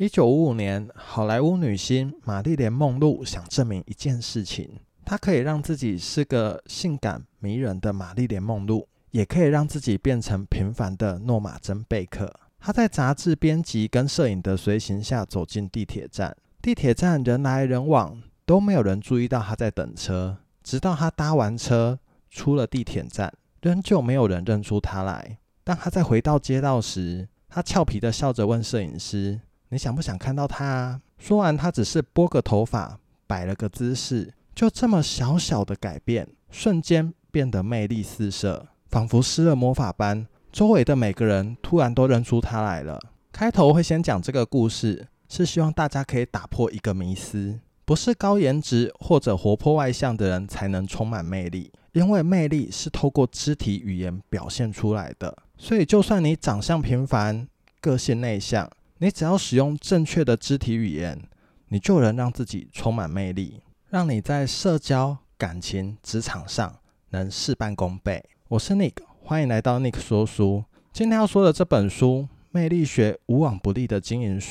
一九五五年，好萊塢女星瑪麗蓮·夢露想證明一件事情：她可以讓自己是個性感迷人的瑪麗蓮·夢露，也可以讓自己變成平凡的諾瑪·珍·貝克。她在雜誌編輯跟攝影的隨行下走進地鐵站，地鐵站人來人往，都沒有人注意到她在等車。直到她搭完車出了地鐵站，仍舊沒有人認出她來。當她再回到街道時，她俏皮地笑着問攝影師。你想不想看到他啊？說完，他只是撥個頭髮，擺了個姿勢，就這麼小小的改變，瞬間變得魅力四射，仿佛施了魔法般。周圍的每個人突然都認出他來了。開頭會先講這個故事，是希望大家可以打破一個迷思：不是高顏值或者活潑外向的人才能充滿魅力，因為魅力是透過肢體語言表現出來的。所以，就算你長相平凡，個性內向，你只要使用正確的肢體語言，你就能讓自己充滿魅力，讓你在社交、感情、職場上能事半功倍。我是 Nick，歡迎來到 Nick 說書。今天要說的這本書《魅力學：無往不利的經營術》，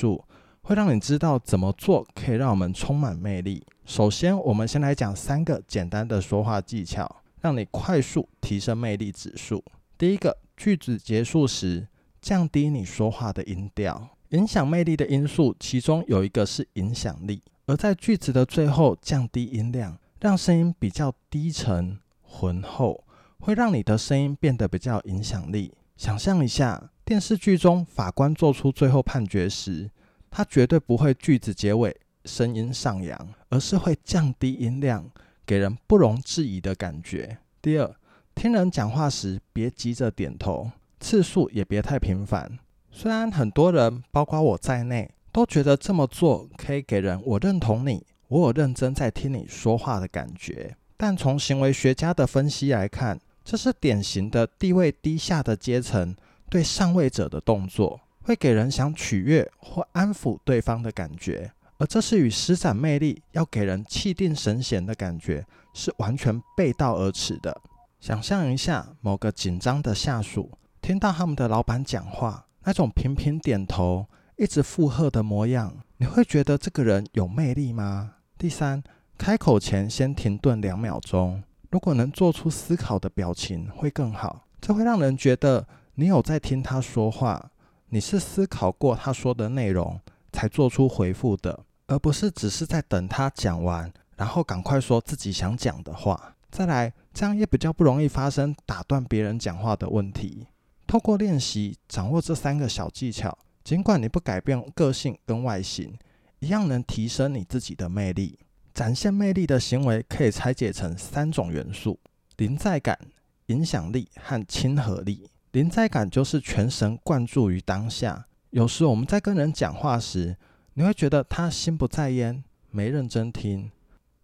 會讓你知道怎麼做可以讓我們充滿魅力。首先，我們先來講三個簡單的說話技巧，讓你快速提升魅力指數。第一個，句子結束時降低你說話的音調。影響魅力的因素，其中有一個是影響力。而在句子的最後降低音量，讓聲音比較低沉渾厚，會讓你的聲音變得比較有影響力。想象一下電視劇中法官做出最後判決時，他絕對不會句子結尾聲音上揚，而是會降低音量，給人不容置疑的感覺。第二，聽人講話時別急着點頭，次數也別太頻繁。雖然很多人，包括我在內，都覺得這麼做可以給人“我認同你，我有認真在聽你說話”的感覺，但從行為學家的分析來看，這是典型的地位低下的階層對上位者的動作，會給人想取悅或安撫對方的感覺，而這是與施展魅力要給人氣定神閒的感覺是完全背道而馳的。想象一下，某個緊張的下屬聽到他們的老板講話。那種頻頻點頭、一直附和的模樣，你會覺得這個人有魅力嗎？第三，開口前先停頓兩秒鐘，如果能做出思考的表情會更好，這會讓人覺得你有在聽他說話，你是思考過他說的內容才做出回覆的，而不是只是在等他講完，然後趕快說自己想講的話。再來，這樣也比較不容易發生打斷別人講話的問題。透過練習掌握這三個小技巧，儘管你不改變個性跟外形，一樣能提升你自己的魅力。展現魅力的行為可以拆解成三種元素：臨在感、影響力和親和力。臨在感就是全神貫注於當下。有時我們在跟人講話時，你會覺得他心不在焉，沒認真聽，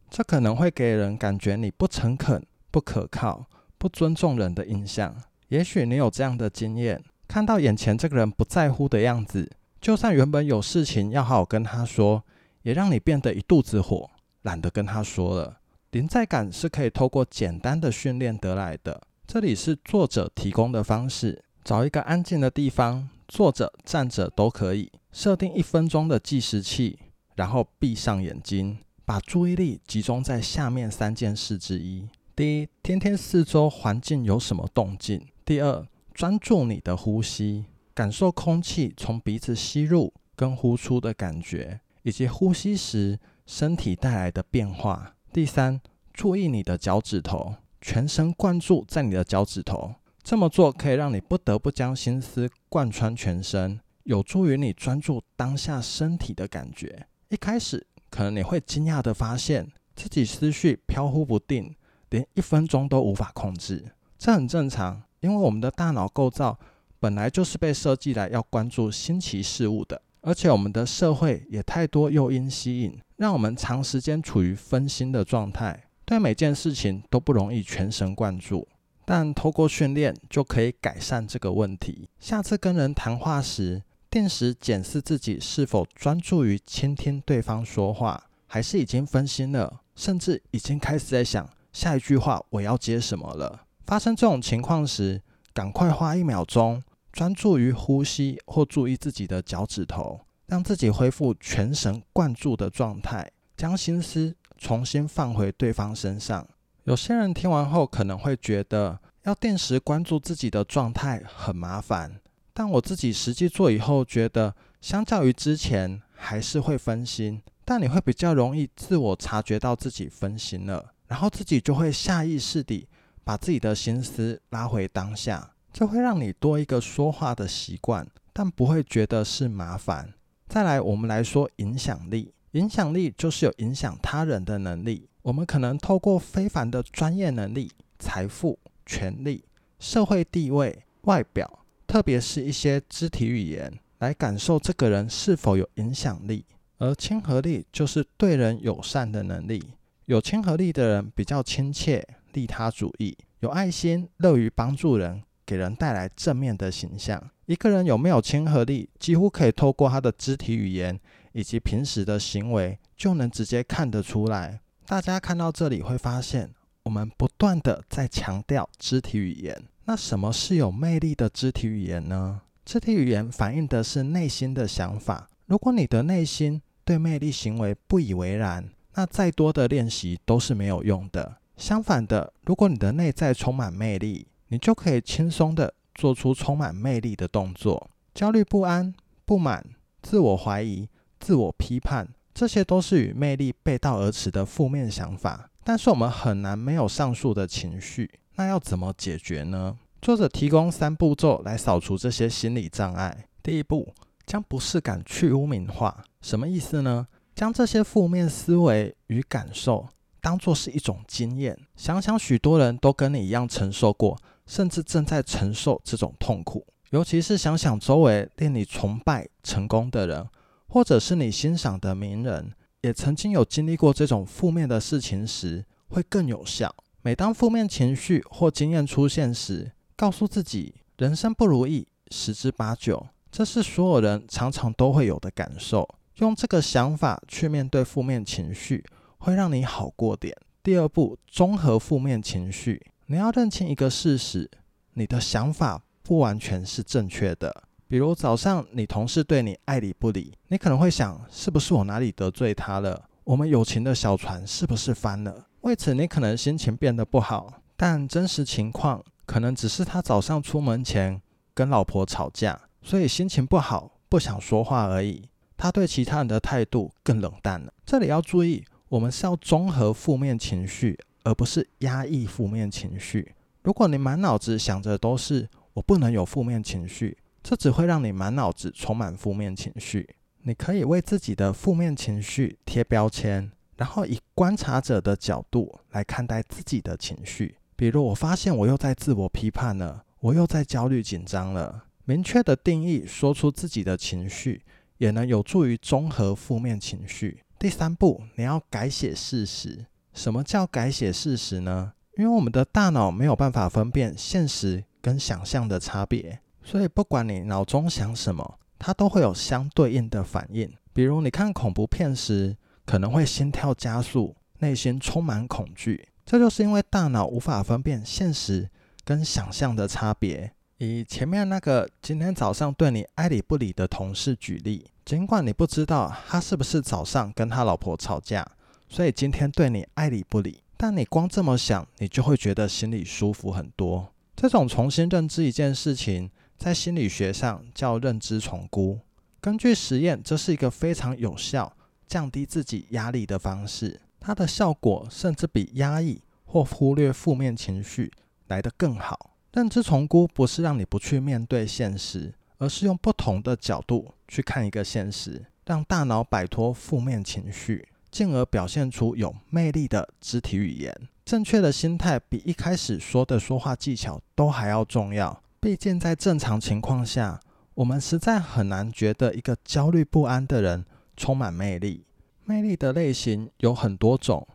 這可能會給人感覺你不誠懇、不可靠、不尊重人的印象。也許你有這樣的經驗：看到眼前這個人不在乎的樣子，就算原本有事情要好好跟他說，也讓你變得一肚子火，懶得跟他說了。臨在感是可以透過簡單的訓練得來的。這裡是作者提供的方式：找一個安靜的地方，坐着、站着都可以，設定一分鐘的計時器，然後閉上眼睛，把注意力集中在下面三件事之一：第一，聽聽四周環境有什麼動靜。第二，專注你的呼吸，感受空氣從鼻子吸入跟呼出的感覺，以及呼吸時身體帶來的變化。第三，注意你的腳趾頭，全神貫注在你的腳趾頭。這麼做可以讓你不得不將心思貫穿全身，有助於你專注當下身體的感覺。一開始，可能你會驚訝地發現，自己思緒飄忽不定，連一分鐘都無法控制，這很正常。因為我們的大腦構造本來就是被設計來要關注新奇事物的，而且我們的社會也太多誘因吸引，讓我們長時間處於分心的狀態，對每件事情都不容易全神貫注。但透過訓練就可以改善這個問題。下次跟人談話時，定時檢視自己是否專注於傾聽對方說話，還是已經分心了，甚至已經開始在想下一句話我要接什麼了。發生這種情況時，趕快花一秒鐘專注於呼吸，或注意自己的腳趾頭，讓自己恢復全神貫注的狀態，將心思重新放回對方身上。有些人聽完後可能會覺得要定時關注自己的狀態很麻煩，但我自己實際做以後覺得，相較於之前還是會分心，但你會比較容易自我察覺到自己分心了，然後自己就會下意識地。把自己的心思拉回當下，這會讓你多一個說話的習慣，但不會覺得是麻煩。再來，我們來說影響力。影響力就是有影響他人的能力。我們可能透過非凡的專業能力、財富、權力、社會地位、外表，特別是一些肢體語言，來感受這個人是否有影響力。而親和力就是對人友善的能力。有親和力的人比較親切。利他主義，有愛心，樂於幫助人，給人帶來正面的形象。一個人有沒有親和力，幾乎可以透過他的肢體語言以及平時的行為，就能直接看得出來。大家看到這裡會發現，我們不斷地在強調肢體語言。那什麼是有魅力的肢體語言呢？肢體語言反映的是內心的想法。如果你的內心對魅力行為不以為然，那再多的練習都是沒有用的。相反的，如果你的內在充滿魅力，你就可以輕鬆地做出充滿魅力的動作。焦慮、不安、不滿、自我懷疑、自我批判，這些都是與魅力背道而馳的負面想法。但是我們很難沒有上述的情緒，那要怎麼解決呢？作者提供三步驟來掃除這些心理障礙。第一步，將不適感去污名化。什麼意思呢？將這些負面思維與感受，當作是一種經驗，想想許多人都跟你一樣承受過，甚至正在承受這種痛苦。尤其是想想周圍令你崇拜成功的人，或者是你欣賞的名人，也曾經有經歷過這種負面的事情時，會更有效。每當負面情緒或經驗出現時，告訴自己：“人生不如意十之八九，這是所有人常常都會有的感受。”用這個想法去面對負面情緒。會讓你好過點。第二步，綜合負面情緒。你要認清一個事實：你的想法不完全是正確的。比如早上你同事對你愛理不理，你可能會想：是不是我哪裡得罪他了？我們友情的小船是不是翻了？為此你可能心情變得不好。但真實情況可能只是他早上出門前跟老婆吵架，所以心情不好，不想說話而已。他對其他人的態度更冷淡了。這裡要注意。我們是要綜合負面情緒，而不是壓抑負面情緒。如果你滿腦子想着都是我不能有負面情緒，這只會讓你滿腦子充滿負面情緒。你可以為自己的負面情緒貼標籤，然後以觀察者的角度來看待自己的情緒。比如，我發現我又在自我批判了，我又在焦慮緊張了。明確的定義說出自己的情緒，也能有助於綜合負面情緒。第三步，你要改寫事實。什麼叫改寫事實呢？因為我們的大腦沒有辦法分辨現實跟想象的差別，所以不管你腦中想什麼，它都會有相對應的反應。比如你看恐怖片時，可能會心跳加速，內心充滿恐懼，這就是因為大腦無法分辨現實跟想象的差別。以前面那個今天早上對你愛理不理的同事舉例。儘管你不知道他是不是早上跟他老婆吵架，所以今天對你愛理不理，但你光這麼想，你就會覺得心裡舒服很多。這種重新認知一件事情，在心理學上叫認知重估。根據實驗，這是一個非常有效降低自己壓力的方式。它的效果甚至比壓抑或忽略負面情緒來得更好。認知重估不是讓你不去面對現實。而是用不同的角度去看一個現實，讓大腦擺脫負面情緒，進而表現出有魅力的肢體語言。正確的心態比一開始說的說話技巧都還要重要。畢竟在正常情況下，我們實在很難覺得一個焦慮不安的人充滿魅力。魅力的類型有很多種，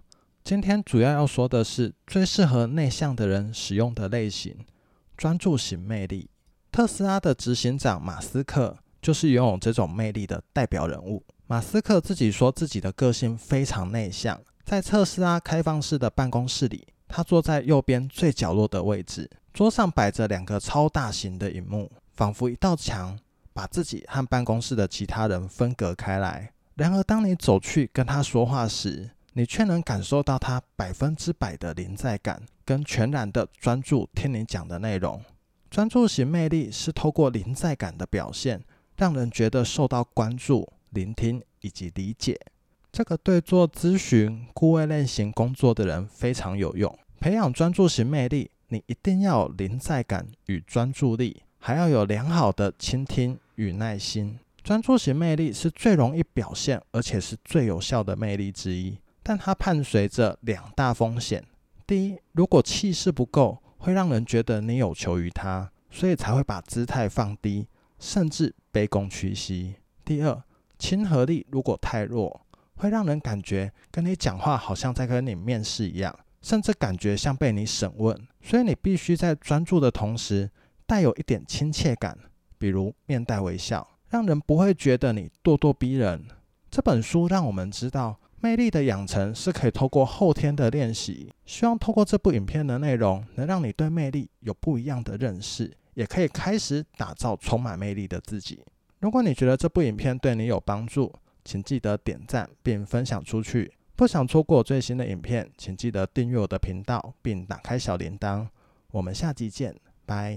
今天主要要說的是最適合內向的人使用的類型——專注型魅力。特斯拉的執行長馬斯克就是擁有這種魅力的代表人物。馬斯克自己說，自己的個性非常內向，在特斯拉開放式的辦公室裡，他坐在右邊最角落的位置，桌上擺着兩個超大型的熒幕，仿佛一道牆，把自己和辦公室的其他人分隔開來。然而，當你走去跟他說話時，你卻能感受到他百分之百的臨在感，跟全然的專注聽你講的內容。專注型魅力是透過臨在感的表現，讓人覺得受到關注、聆聽以及理解。這個對做諮詢、顧問類型工作的人非常有用。培養專注型魅力，你一定要有臨在感與專注力，還要有良好的傾聽與耐心。專注型魅力是最容易表現，而且是最有效的魅力之一，但它伴隨着兩大風險：第一，如果氣勢不夠。會讓人覺得你有求於他，所以才會把姿態放低，甚至卑躬屈膝。第二，親和力如果太弱，會讓人感覺跟你講話好像在跟你面試一樣，甚至感覺像被你審問。所以你必須在專注的同時，帶有一點親切感，比如面帶微笑，讓人不會覺得你咄咄逼人。這本書讓我們知道。魅力的養成是可以透過後天的練習。希望透過這部影片的內容，能讓你對魅力有不一樣的認識，也可以開始打造充滿魅力的自己。如果你覺得這部影片對你有幫助，請記得點贊並分享出去。不想錯過最新的影片，請記得訂閱我的頻道並打開小鈴鐺。我們下期見，拜。